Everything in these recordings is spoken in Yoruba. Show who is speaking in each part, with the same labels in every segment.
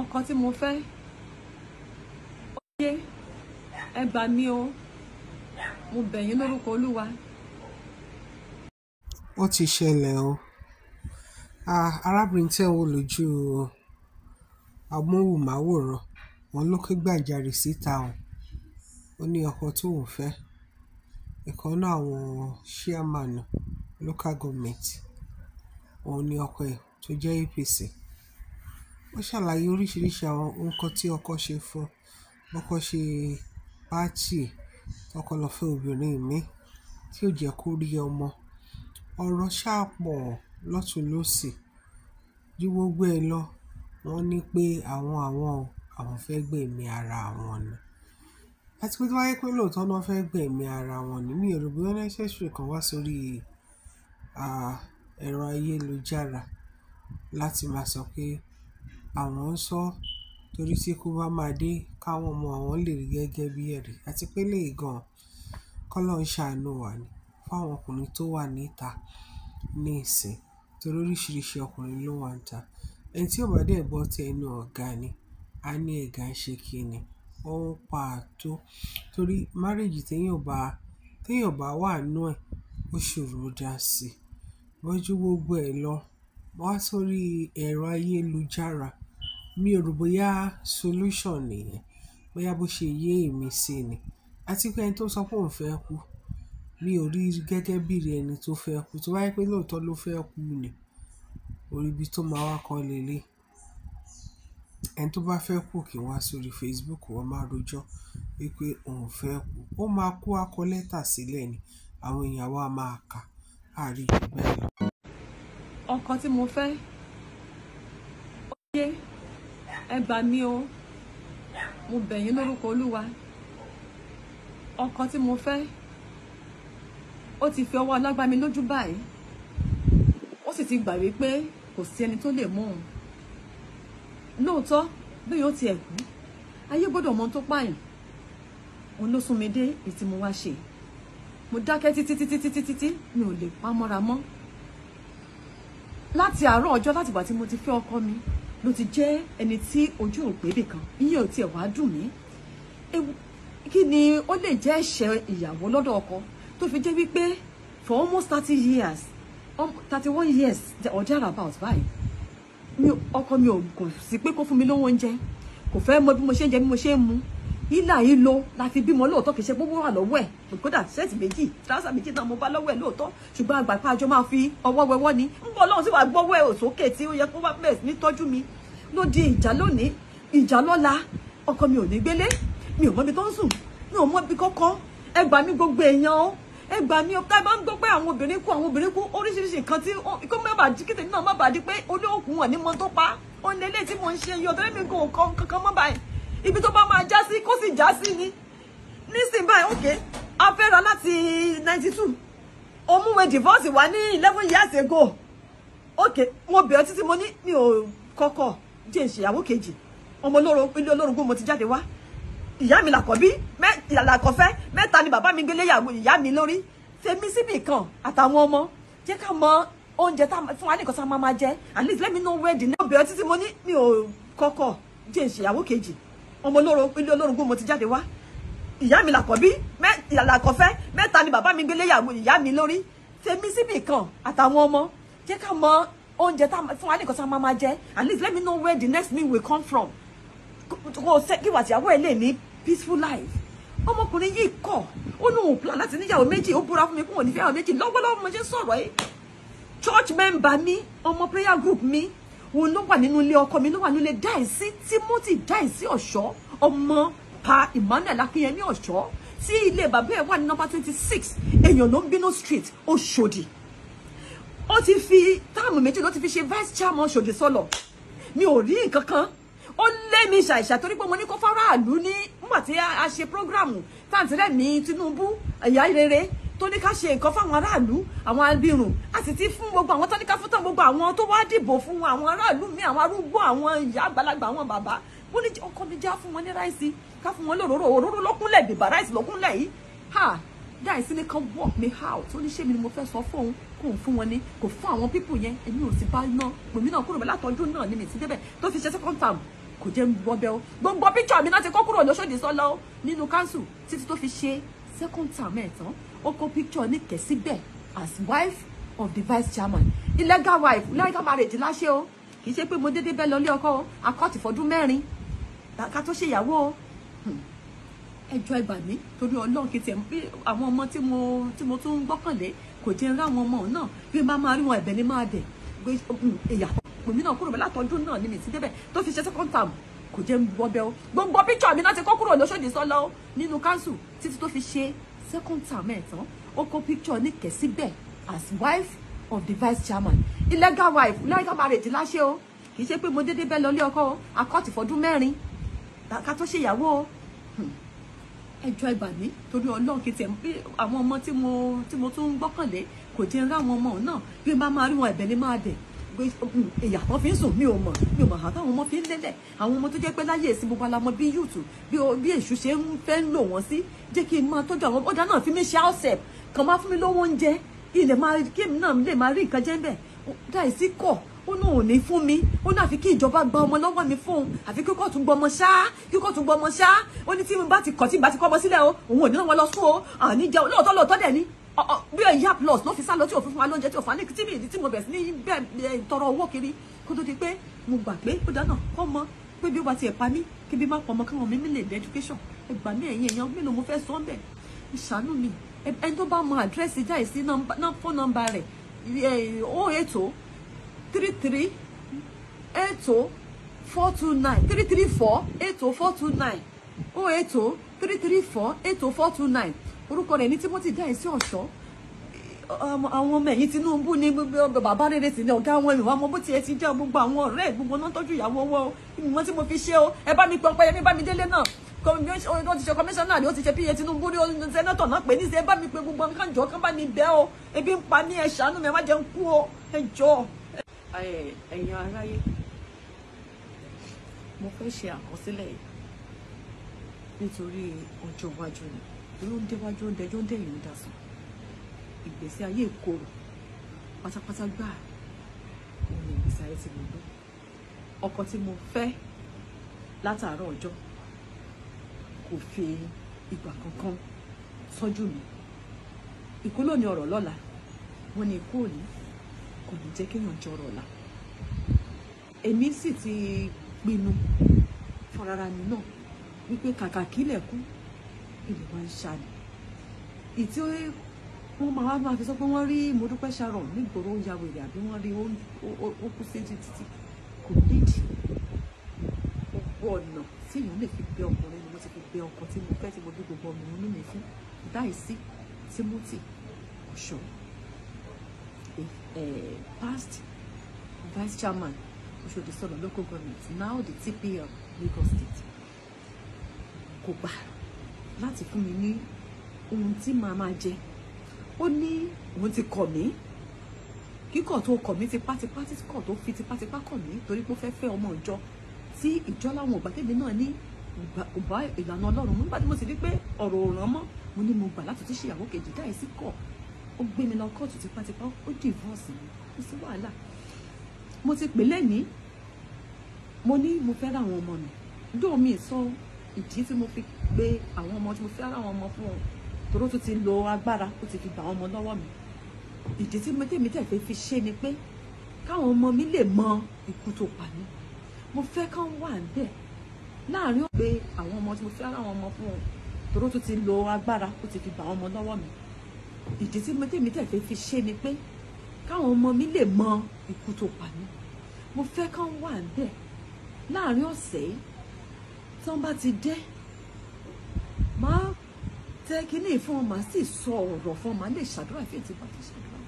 Speaker 1: ọkàn tí mo fẹ́ ó yé ẹ bá mi o mo bẹ̀ yín lórúkọ olúwa.
Speaker 2: ó ti ṣẹlẹ̀ o arábìnrin tẹ́ ń wò lójú amóhùnmáwòrán wọn ló ké gbàjarè síta o ó ní ọkọ tóun fẹ́ ìkan náà àwọn chairman local government òun ni ọkọ ẹ̀ tó jẹ́ APC. Wọ́n ṣàlàyé oríṣiríṣi àwọn nǹkan tí ọkọ ṣe fún un. Ọkọ ṣe pátì, ọkọ lọ fẹ́ obìnrin mi tí ó jẹ́ kó rí ọmọ. Ọ̀rọ̀ sá pọ̀ lọ́tùn lósì. Ju gbogbo ẹ lọ, wọ́n ní pé àwọn àwọn o, àwọn fẹ́ gbẹ̀mí ara wọn ni. Àti pé tó bá jẹ pé lóòótọ́ ni wọ́n fẹ́ ara wọn ni, mi ò rò boya kan wá sórí, à, ayélujára láti máa sọ pé àwọn ń sọ torí tí ikú bá máa dé káwọn ọmọ àwọn lè rí gẹ́gẹ́ bí ẹ̀rí àti pé léyìí gan kọ́lọ́run ṣàánú wa ni fáwọn ọkùnrin tó wà níta ní ìsìn torí oríṣiríṣi ọkùnrin ló wà níta ẹni tí ò bá dẹ̀ gbọ́ tí ẹnu ọ̀gá ni a ní ẹ̀gá ń ṣe kí ni ó ń pa àtó torí márèjì téèyàn bá téèyàn bá wà nú ẹ̀ ó ṣòro dá sí i bọ́jú gbogbo ẹ̀ lọ wá sórí ẹ̀rọ ayélujára mi ò rò bóyá solution nìyẹn bóyá bó ṣe yé èmi sí ni àti pé ẹni tó sọ pé òun fẹ́ kú mi ò rí gẹ́gẹ́ bí rí ẹni tó fẹ́ kú tó bá pé lóòótọ́ ló fẹ́ kú ni orí ibi tó máa wá kọ́ lélẹ̀ ẹni tó bá fẹ́ kú kí wá sórí Facebook wọ́n máa rojọ́ wípé òun fẹ́ kú ó máa kú akọ lẹ́tà sílẹ̀ ni àwọn èèyàn wa máa kà á rí jù bẹ́ẹ̀ lọ.
Speaker 1: ọkọ tí mo fẹ́ ó yé ẹ gbà mí o mo bẹ̀ yín lórúkọ olúwa ọkọ tí mo fẹ́ ó ti fi ọwọ́ alágbá mi lójú báyìí ó sì ti gbà wípé kò sí ẹni tó lè mú òun lóòótọ́ bí yóò tiẹ̀ kú ayé gbọ́dọ̀ mọ tó pààyàn òun ló sún mi dé ìtì mo wá ṣe mo dákẹ́ títí títí títí títí mi ò lè pa mọ́ra mọ́ láti àárọ̀ ọjọ́ láti ìgbà tí mo ti fẹ́ ọkọ mi ló ti jẹ́ ẹni tí ojú òun pé bìkan ìyẹn ò tiẹ̀ wá dùn mí kí ni ó lè jẹ́ ẹ̀ṣẹ̀ ìyàwó lọ́dọ̀ ọkọ tó fi jẹ́ wípé for almost thirty years um, thirty one years or thereabout báyìí ọkọ mi ò kò sí pé kó fún mi lówó oúnjẹ kò fẹ́ mọ bí mo ṣe ń jẹ bí mo ṣe ń mu iná yìí lo láti bímọ lóòótọ́ kì í ṣe gbogbo wà lọ́wọ́ ẹ̀ kódà ṣẹ́ẹ̀tì méjì tíráṣà méjì náà mo bá lọ́wọ́ ẹ̀ lóòótọ́ ṣùgbọ́n àgbà pa àjọ máa fi ọwọ́ wẹwọ́ ni ń bọ́ lọ́hùn sí wàá gbọ́wọ́ ẹ̀ òsókè tí ó yẹ kó wá bẹ̀rẹ̀ sí ní tọ́jú mi ló di ìjà lónìí ìjà lọ́la ọkọ mi ò ní gbélé mi ò mọbi tó ń sùn mi ò mọbi kọ́kọ́ ẹ gbà mí gbogbo èèyàn o ẹ gbà mí o tá a bá ń gbọ́ pé àwọn obìnrin kú àwọn obìnrin kú oríṣiríṣi nǹkan tí kó má bàa jí kìtẹ̀ náà má bàa di pé olóòkú wọn ní mo tó pa ó ní eléyìí tí mo ń ṣe yọ tẹ́lẹ̀ mi kò kọ́ kankan mọ́ báyìí sì já sí ni nísìnyí báyìí òkè afẹ́ra láti ninety two òmùwẹ̀ divorce wà ní eleven years ago òkè mo bẹ̀rẹ̀ títí mo ní mi ò kọ́kọ́ jẹ́ ìṣèyàwó kejì ọmọ ilé olórogún mo ti jáde wá ìyá mi làkọ̀bí làkọ̀fẹ́ mẹ́ta ni bàbá mi gbélé ìyá mi lórí tèmi síbì kan àtàwọn ọmọ jẹ́ ká mọ oúnjẹ tá fún wa nìkan tá máa máa jẹ at least let me know where the name bẹ̀rẹ̀ títí mo ní mi ò kọ́kọ́ jẹ́ ìṣèyàwó kejì ọmọ ilé olórogún mo ti jáde wá ìyá mi làkọ̀bí làkọ̀fẹ́ mẹ́ta ni bàbá mi gbélé ìyá mi lórí tèmi síbì kan àtàwọn ọmọ jẹ́ ká mọ oúnjẹ fún wa ní nǹkan tá máa máa jẹ at least let me know where the next meal will come from kò sẹ́ kí wàtí àwọ̀ ẹ̀ lè ní peaceful life ọmọkùnrin yìí kọ̀ ó lóun plan láti níyàwó méjì ó búra fún mi kún òní fẹ́yàwó méjì lọ́wọ́lọ́wọ́ mo ṣe sọ̀rọ̀ yìí church member mi ọmọ prayer group mi òun ló wà nínú ilé ọkọ mi ló wà nínú ilé dáìsí Timothy dáìsí ọ̀ṣọ́ ọmọ pa Emmanuel Akínyẹmí ọ̀ṣọ́ tí ilé bàbá ẹ̀ wà ní nọ́mbà twenty six èèyàn ló ń bínú street Ọ̀ṣọ́dì ó ti fi táàmù méjì ló ti fi ṣe vice chairman Ọ̀ṣọ́dì sọlọ mi ò rí nǹkan kan ó lé mi ṣàìṣà torí pé mo ní kó fáráàlú ní nígbà tí a ṣe táǹtì rẹ̀ mi Tinubu ẹ̀yà rere tó ní ká ṣe nǹkan fáwọn aráàlú àwọn abirùn a sì ti fún gbogbo àwọn tó ní ká fún tán gbogbo àwọn tó wá dìbò fún àwọn aráàlú mi àwọn arúgbó àwọn ìyá àgbàlagbà àwọn bàbá wọ́n ní ọkọ mi já fún wọn ní ráìsì ká fún wọn lóróró òróró lọ́kúnlẹ̀ bèbà ráìsì lọ́kúnlẹ̀ yìí ha dáìsí ni kan work me out ó ní ṣé mi ni mo fẹ́ sọ fóun kò fún wọn ní kò fún àwọn pípò yẹn èmi ò sì bá ná pèmí náà kúrò mi látọjú náà ni mi ti débẹ̀ tó fi ṣe second term kò jẹ́ gbọ́bẹ́ o gbogbo picture mi náà ti kọ́ kúrò lóṣòdì sọ́lọ́ nínú council títí tó fi ṣe second term ẹ̀ tán ó kó picture Níkẹ́ síbẹ̀ as wife of the vice chairman illegal wife illegal marriage láṣẹ o kì í ṣe pé mo dédé bẹ́ẹ̀ lọlé ọkọ o akọ́tì fọdún mẹ́rin ká tó ṣèyàwó o ẹjọ́ hmm. ẹ gbà mí torí ọlọ́run kìí tiẹ̀ àwọn ọmọ tí mo tí mo tún ń gbọ́kànlé kò jẹ́ nrá àwọn ọmọ náà bí máa máa rí wọn ẹ̀bẹ̀ ni máa bẹ̀ pé hmm, ìyá pèmí náà kúrò bẹ́ẹ̀ látọdún náà ni mi ti débẹ̀ tó fi ṣe second term kò jẹ́ wọ́bẹ̀ o gbogbo picture mi náà ti kọ́ kúrò lóṣòdì sọ́lọ́ nínú council títí tó fi ṣe second time, ẹ̀ tán picture kó picture Níkẹ̀ as wife of the vice chairman illegal wife illegal marriage láṣẹ o kì í ṣe pé mo dédé be lọ ilé ọkọ o akọ́tì fọdún mẹ́rin ká tó ṣèyàwó o hmm. ẹjọ́ ìbàmí torí ọlọ́run kìí tiẹ̀ bí àwọn ọmọ tí mo tún ń gbọ́kànlé kò jẹ́ ń rá àwọn ọmọ náà bí n bá máa rí wọn ẹ̀bẹ̀ ni máa dẹ̀ pé mm, ìyà tó fi ń sùn mi ò mọ̀ mi ò mọ̀ àtọ́ ọmọ fi ń lélẹ̀ àwọn ọmọ tó jẹ́ pé láyé èsì gbogbo alamọ bí yùtù bí èṣù ṣe ń fẹ́ ń lò wọ́n sí jẹ́ kí n máa tọ́jú àwọn ọ̀dà náà fi mí ṣe ọ̀sẹ̀ kàn máa fún mi lówó oúnjẹ ilẹ̀ máa kí èmi náà lè máa rí nǹkan jẹ́ bẹ́ẹ̀ dáìsí kọ̀ ó náà ò ní fún mi ó náà fi kí ìjọba gba ọmọ lọ́wọ́ mi fún un àfi kíkọ́ tún gbọmọ ṣá kíkọ́ tún gbọmọ ṣá ó ní tí mo bá ti kọ̀ tí ìgbà ti kọ́ ọmọ sílẹ̀ o òun ò ní náà lọ sún o àní lóòótọ́ lóòótọ́ dẹ̀ ni bí ẹ̀yà plus ló fi sá lọ tí òfin fún wa lóúnjẹ tí òfin alẹ́ tí mi ìdí tí mo bẹ̀rẹ̀ sí ní bẹ́ẹ̀ tọrọ owó kiri kó tó di pé mo gbà pé ó dáná kọ́ mọ pé bí ó bá tiẹ̀ pa mí kí bí má pọ̀ mọ́ káwọn mi mi lè dé education ẹ gbà mí ẹ̀yìn èèyàn mélòó mo fẹ́ sọ ọ́ bẹ̀ ìṣàánú mi ẹni tó bá mọ àdírẹ́sì jáì sí fóònù nọ́mbà rẹ̀ ó ètò oh oh three three ètò oh four two nine three three four ètò four two nine ó ètò three three four ètò four two nine orúkọ rẹ̀ ní Timothy dáì sí ọ̀ṣọ́ àwọn ọmọ ẹ̀yìn Tinubu ní gbogbo bàbá rere sí ní ọ̀gá àwọn ìwà ọmọ bó tiẹ̀ ti jẹ́ gbogbo àwọn ọ̀rẹ́ gbogbo náà tọ́jú ìyàwó owó ìmọ̀ tí mo fi ṣe o ẹ bá mi pọ̀ pẹ́yẹmí bá mi délé náà ó ti ṣe kọmíṣánná ni ó ti ṣe píye Tinubu ní sẹ́nẹ́tọ̀ náà pé níṣẹ́ bá mi pe gbogbo nǹkan jọ kán bá mi bẹ́ o ebi ń pa mí ẹ ṣàánú mi ẹ má jẹ́ ń kú o ẹ jọ. ẹ̀yin aráyé mo fẹ́ ṣe àkọsílẹ̀ olóúnjẹ wájú oúnjẹ ẹjọ́ oúnjẹ yìí ń dà sùn ìgbésí ayé ìkorò pátápátá gbà òun ni ìgbésí ayé tí mo gbé ọkọ tí mo fẹ́ látàárọ̀ ọjọ́ kò fi ìgbà kankan tọ́jú mi ikú ló ní ọ̀rọ̀ lọ́la wọ́n ní ikú òní kò ní jẹ́ kéèyàn jọrọ ọ̀la èmi sì ti pinnu fọ̀rara mi náà wípé kàkà kílẹ̀ kú ilẹ̀ máa ń ṣá ni ìtí wọ́n máa wá máa fi sọ pé wọ́n rí Modúpẹ́ Sharon nígboro ó ya wèrè àbí wọ́n rí ó kú sí títí kò nídìí gbogbo ọ̀nà tí èèyàn lè fi bẹ ọkùnrin ni mo ti fi bẹ ọkọ tí mo fẹ́ tí mo bí gbogbo ọmọ inú mi fún dáìsí Timothy ọ̀ṣọ́ past vice chairman Oṣòdì Sọ̀nà local government now the TPL Lagos state kò gbà láti fún mi ní ohun tí màá máa jẹ ó ní òun ti kọ̀ mí kíkọ̀ tó kọ̀ mí tipátipá tí kọ̀ tó fi tipátipá kọ̀ mí torí pé ó fẹ́ fẹ́ ọmọ ìjọ tí ìjọ láwọn ò bá tèmi náà ní kò bá ìlànà ọlọ́run mú nígbà tí mo sì rí pé ọ̀rọ̀ ò ràn mọ́ mo ní mo gbà láti tún ṣèyàwó kejì dáì sí kọ̀ ó gbé mi lọ kóòtù tipátipá ó dìvọ́ọ̀sì mi kò sí wàhálà mo ti pè lẹ́ni mo ní mo fẹ́ ra àwọn ọmọ mi dóò mi sọ ìdí tí mo fi gbé àwọn ọmọ tí mo fẹ́ àwọn ọmọ fún wọn torí ó tún ti lo agbára ó ti fi gbà ọmọ lọ́wọ́ mi ìdí tí mẹ́tẹ̀mí tẹ̀ fẹ́ fi ṣe ni pé káwọn ọmọ mi lè mọ ikú tó pa mí mo fẹ́ kán wà níbẹ̀ láàrin ó gbé àwọn ọmọ tí mo fẹ́ àwọn ọmọ fún wọn torí ó tún ti lo agbára ó ti fi gbà ọmọ lọ́wọ́ mi ìdí tí mẹ́tẹ̀mí tẹ̀ fẹ́ fi ṣe ni pé káwọn ọmọ mi lè mọ ikú tó pa mí mo fẹ́ kán wà níbẹ̀ láàrin ọ̀sẹ̀ yìí tán bá ti dé máa tẹ kínní fún wọn máa sì sọ ọ̀rọ̀ fún wọn máa lè ṣàdúrà fún ètò ìpàdé ṣàdúrà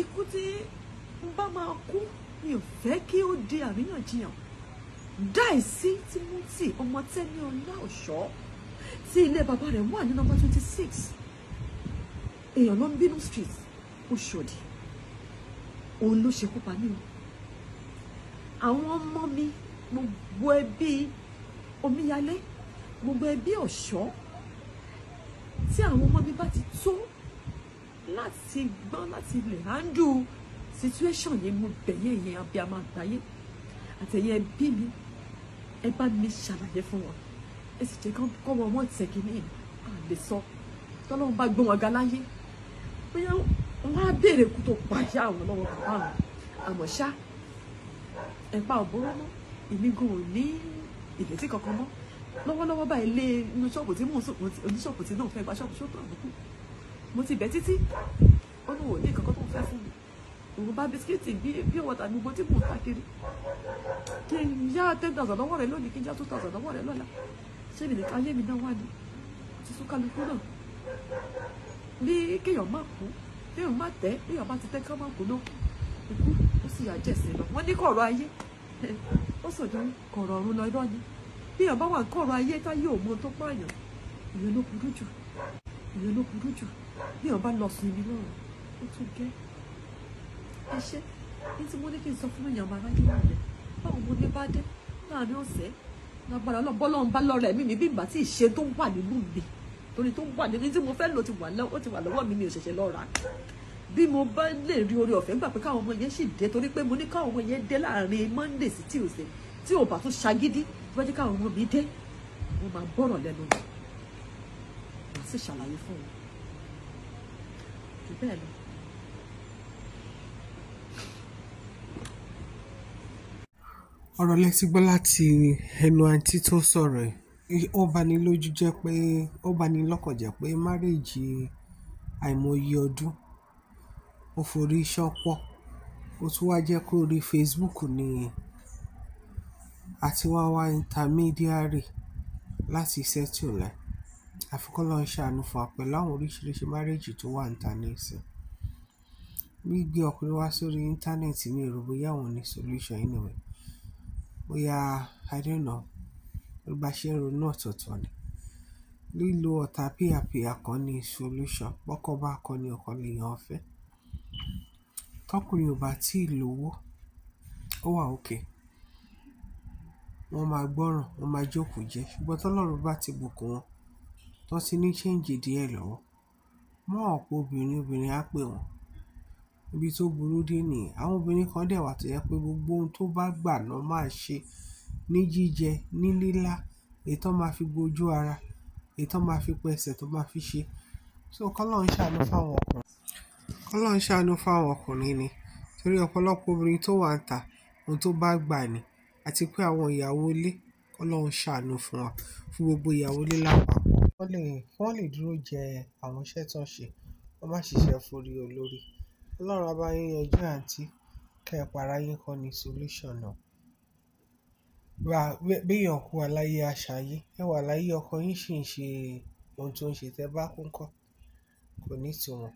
Speaker 1: ikú tí n bá máa kú mi ò fẹ́ kí ó di àríyànjiyàn dáìsí Timothy ọmọ tẹ́ni ọlá ọ̀ṣọ́ tí ilé bàbá rẹ̀ wà ní nọ́mbà twenty six èèyàn ló ń bínú street Òṣòdì òun ló ṣekú pa mí o àwọn ọmọ mi gbogbo ẹbí omíyalé gbogbo ẹbí ọ̀ṣọ́ tí àwọn ọmọ mi bá ti tó láti gbọ́n láti lè handle situation yẹn mo bẹ̀yẹ̀ yẹn abiyamọ àgbáyé àtẹ̀yẹ ẹbí mi ẹ bá mi ṣàlàyé fún wọn ẹ sì jẹ́ kọ́ wọn wọ́n tẹ̀ kí ní àlè sọ tọ́lọ́run bá gbọ́n wọn ga láyé bóyá wọ́n á béèrè kú tó pàṣẹ àwọn ọlọ́wọ́ bàbá àwọn àmọ́ ṣá ẹ pa ọ̀bọ̀rọ̀ náà èmi gan ò ní ìrètí kankan mọ́ lọ́wọ́lọ́wọ́ báyìí lé inú ṣọ́ọ̀bù tí mò ń sùn oníṣọ́ọ̀bù tí náà fẹ́ gba ṣọ́ọ̀bù ṣọ́ọ̀bù àbùkù mo ti bẹ̀ títí ó ní òní kankan tó ń fẹ́ fún mi òun bá bisikíìtì bí wọ́tà gbogbo tí mò ń ta kiri kí n yá ten thousand lọ́wọ́ rẹ̀ lónìí kí n yá two thousand lọ́wọ́ rẹ̀ lọ́la ṣé nìyẹn ká yé mi náà wà ní ti sún kálukú náà bí kéèyàn má kú kéèyàn má tẹ́ kéèyàn má ti tẹ́ ká má kú náà ikú ó sì yà jẹ̀sìn lọ wọ́n ní kọ̀ọ̀rọ̀ ayé ó sọjọ́ kọ̀rọ̀ ọ̀run lọ irọ́ ni bí èèyàn wà kọ̀rọ̀ ayé táyé ò tó pààyàn ìyẹn ló burú jù ìyẹn ló burú jù bí èèyàn lọ sùn ibi náà ó tún gẹ́ ẹ ṣe ní tí mo ní kí n sọ fún èèyàn máa ráyè wà lẹ báwo mo ní bá dé láàrin ọ̀sẹ̀ lágbára ọlọ́bọ́lọ́run bá lọ́rọ̀ ẹ̀mí mi bí ìgbà tí ìṣe tó wà nínú mi torí tó wà nínú tí mo fẹ́ lò ti wà lọ́wọ́ mi mi ò ṣẹ̀ṣẹ̀ lọ́ra bí mo bá lè rí orí ọ̀fẹ́ gbà pé káwọn ọmọ yẹn sì dé torí pé mo ní káwọn ọmọ yẹn dé láàrin monday sí tuesday tí ò bá tún ṣagídí tí wọ́n jẹ́ káwọn ọmọ mi dé mo máa bọ̀rọ̀ lẹ́nu mi màá sì ṣàlàyé fún wọn jù bẹ́ẹ̀ lọ.
Speaker 2: ọ̀rọ̀ lẹ́tí gbọ́ láti ẹnu àǹtí tó sọ̀rọ̀ ẹ̀ ó bani lójú jẹ́ pé ó bani lọ́kàn jẹ́ pé márèèjì àìmọye ọdún ó forí ṣánpọ́ ó tún wá jẹ́ pé orí Facebook ni àti wá wá intermediary láti settle lẹ̀ àfikún lọ́n ṣàánú fún wa pẹ̀lú àwọn oríṣiríṣi márèjì tó wà níta nísìn gbígbé ọkùnrin wá sórí íńtánẹ́ẹ̀tì mi rò bóyá òun ní solution anyway bóyá I don't know ló bá ṣe ń ronú ọ̀tọ̀ọ̀tọ̀ ni lílo ọ̀tá píàpíà kan ní solution bọ́kọ́ bá kọ́ ni ọ̀kan lèèyàn fẹ́ Tọ́kùnrin ò bá tí ì lówó, ó wà okay. Wọ́n máa gbọ́ràn, wọ́n máa jókòó jẹ. Ṣùgbọ́n tí Ọlọ́run bá ti bùkún wọn, tí ti ní change díẹ̀ lọ́wọ́, wọ́n ò pé obìnrin, obìnrin á pè wọ́n. Ibi tó burú dé nìyẹn. Àwọn obìnrin kan dẹ̀ wà tó jẹ́ pé gbogbo ohun tó bá gbà náà máa ṣe. Ní jíjẹ, ní lílá, èyí tó máa fi gbojú ara, èyí tó máa fi pẹsẹ̀, tó máa fi ṣe. So kọ́ lọ́run ṣàánú fún ọkùnrin. Kọ́lọ́run ṣàánú fáwọn ọkùnrin ni torí ọ̀pọ̀lọpọ̀ obìnrin tó wà níta ohun tó bá gbà ni àti pé àwọn ìyàwó ilé Kọ́lọ́run ṣàánú fún wa fún gbogbo ìyàwó ilé lápapọ̀ wọ́n lè wọ́n lè dúró jẹ àwọn iṣẹ́ tó ń ṣe wọ́n má ṣiṣẹ́ forí olórí. Ọlọ́run á bá yín yanjú àǹtí kẹ́ ẹ para yín kọ́ ni solution náà. Wà béèyàn kú wa láyé aṣáyé ẹ wà láyé ọkọ yín sì ń ṣe ohun tó ń ṣe tẹ́ bá kú ńkọ́ kò ní ìtumọ̀.